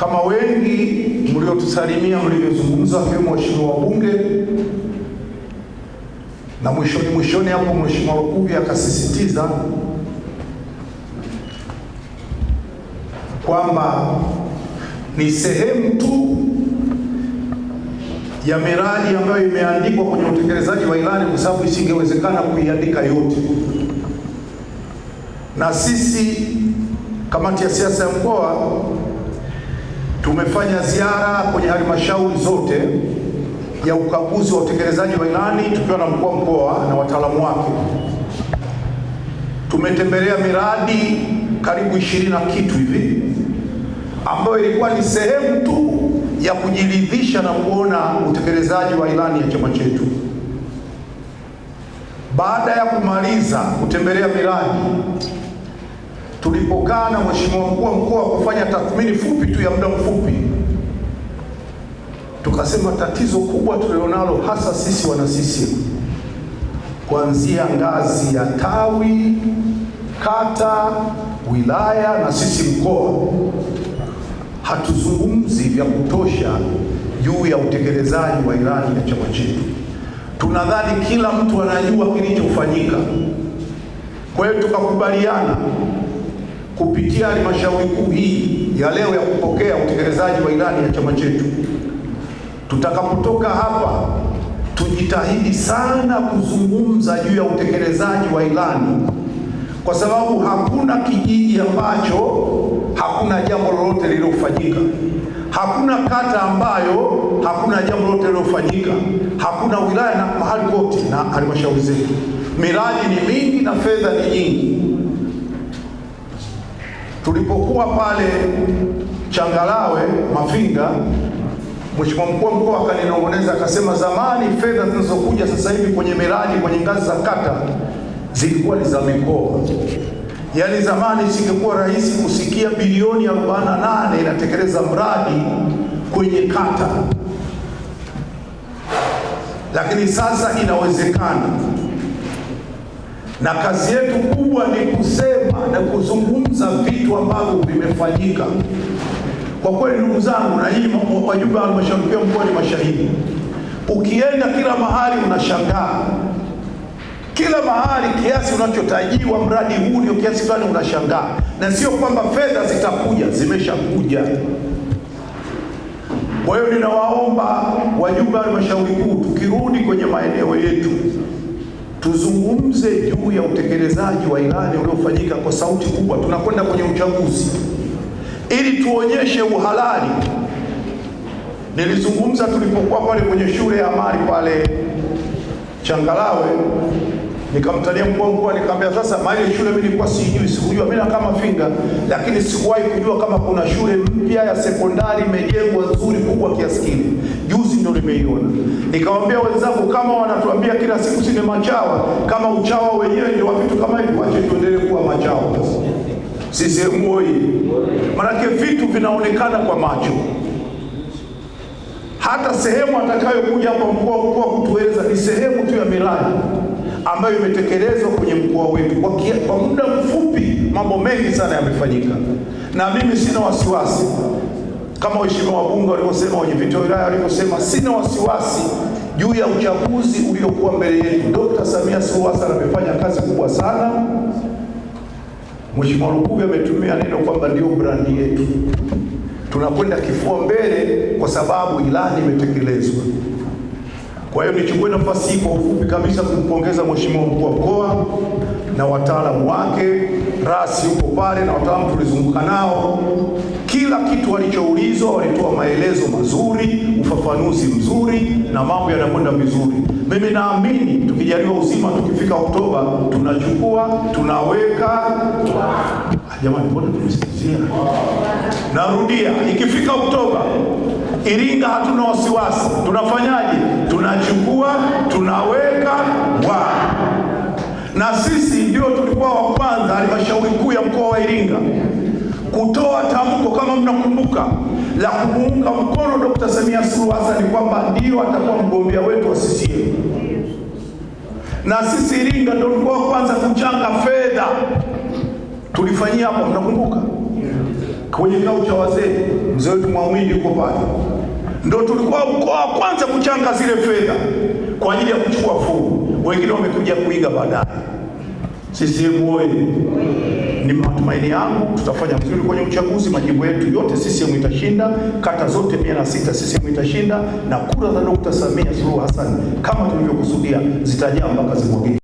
kama wengi mliotusalimia mlivyozungumza, akiwemo waheshimiwa wabunge, na mwishoni mwishoni hapo Mheshimiwa Lukuvi akasisitiza kwamba ni sehemu tu ya miradi ambayo imeandikwa kwenye utekelezaji wa ilani, kwa sababu isingewezekana kuiandika yote. Na sisi kamati ya siasa ya mkoa Tumefanya ziara kwenye halmashauri zote ya ukaguzi wa utekelezaji wa ilani tukiwa na mkuu wa mkoa na wataalamu wake. Tumetembelea miradi karibu ishirini na kitu hivi ambayo ilikuwa ni sehemu tu ya kujiridhisha na kuona utekelezaji wa ilani ya chama chetu. Baada ya kumaliza kutembelea miradi tulipokaa na mheshimiwa mkuu wa mkoa kufanya tathmini fupi tu ya muda mfupi, tukasema tatizo kubwa tulilonalo hasa sisi wana CCM kuanzia ngazi ya tawi, kata, wilaya na sisi mkoa, hatuzungumzi vya kutosha juu ya utekelezaji wa ilani ya chama chetu. Tunadhani kila mtu anajua kilichofanyika. Kwa hiyo tukakubaliana kupitia halmashauri kuu hii ya leo ya kupokea utekelezaji wa ilani ya chama chetu. Tutakapotoka hapa, tujitahidi sana kuzungumza juu ya utekelezaji wa ilani, kwa sababu hakuna kijiji ambacho hakuna jambo lolote lililofanyika, hakuna kata ambayo hakuna jambo lolote lililofanyika, hakuna wilaya na mahali kote na halmashauri zetu, miradi ni mingi na fedha ni nyingi Tulipokuwa pale Changalawe Mafinga, mheshimiwa mkuu wa mkoa akaninong'oneza akasema, zamani fedha zinazokuja sasa hivi kwenye miradi kwenye ngazi za kata zilikuwa ni za mikoa. Yaani zamani isingekuwa rahisi kusikia bilioni 48 inatekeleza mradi kwenye kata, lakini sasa inawezekana na kazi yetu kubwa ni kusema na kuzungumza vitu ambavyo vimefanyika. Kwa kweli, ndugu zangu, na nyinyi wajumbe wa halmashauri ya mkoa ni mashahidi. Ukienda kila mahali unashangaa, kila mahali kiasi unachotajiwa mradi huu ndio kiasi fulani, unashangaa. Na sio kwamba fedha zitakuja, zimeshakuja. Kwa hiyo ninawaomba wajumbe wa halmashauri kuu, tukirudi kwenye maeneo yetu tuzungumze juu ya utekelezaji wa ilani uliofanyika kwa sauti kubwa. Tunakwenda kwenye uchaguzi ili tuonyeshe uhalali. Nilizungumza tulipokuwa pale kwenye shule ya amali pale Changalawe nikamtania mkuu wa nikamwambia, sasa mali shule mimi nilikuwa sijui, sikujua mimi kama Finga, lakini sikuwahi kujua kama kuna shule mpya ya sekondari imejengwa nzuri kubwa kiasi kile. Juzi ndio nimeiona. Nikamwambia wenzangu, kama wanatuambia kila siku sisi ni machawa, kama uchawa wenyewe wa vitu kama hivi, wache tuendelee kuwa machawa Sisi CCM oyee! vitu vinaonekana kwa macho hata sehemu atakayokuja hapa mkuu wa mkoa kutueleza ni sehemu tu ya miradi ambayo imetekelezwa kwenye mkoa wetu kwa muda mfupi. Mambo mengi sana yamefanyika, na mimi sina wasiwasi kama waheshimiwa wabunge walivyosema, wenye wa wilaya walivyosema, sina wasiwasi juu ya uchaguzi uliokuwa mbele yetu. Dkt. Samia Suluhu Hassan amefanya kazi kubwa sana. Mheshimiwa Lukuvi ametumia neno kwamba ndio brandi yetu, tunakwenda kifua mbele kwa sababu ilani imetekelezwa. Kwa hiyo nichukue nafasi hii kwa ufupi kabisa kumpongeza Mheshimiwa mkuu wa mkoa na wataalamu wake, rasi yupo pale na wataalamu tulizunguka nao kila kitu walichoulizwa walitoa maelezo mazuri, ufafanuzi mzuri, na mambo yanakwenda vizuri. Mimi naamini tukijaliwa uzima, tukifika Oktoba tunachukua tunaweka. Ah, jamani, mbona tumesikizia? Narudia, ikifika Oktoba Iringa hatuna wasiwasi. Tunafanyaje? Tunachukua tunaweka wa na sisi ndio tulikuwa wa kwanza halmashauri kuu ya mkoa wa Iringa kutoa tamko kama mnakumbuka la kumuunga mkono Dr. Samia Suluhu Hassan kwamba ndiyo atakuwa mgombea wetu wa CCM. Na sisi Iringa ndio tulikuwa kwanza kuchanga fedha, tulifanyia hapo, mnakumbuka kwenye kikao cha wazee, mzee wetu Mwamwini yuko pale, ndio tulikuwa mkoa wa kwanza kuchanga zile fedha kwa ajili ya kuchukua fomu. Wengine wamekuja kuiga baadaye. CCM oye! Ni matumaini yangu tutafanya vizuri kwenye uchaguzi, majimbo yetu yote CCM itashinda, kata zote mia na sita CCM itashinda, na kura za Dr. Samia Suluhu Hassan kama tulivyokusudia zitajaa mpaka zimwagike.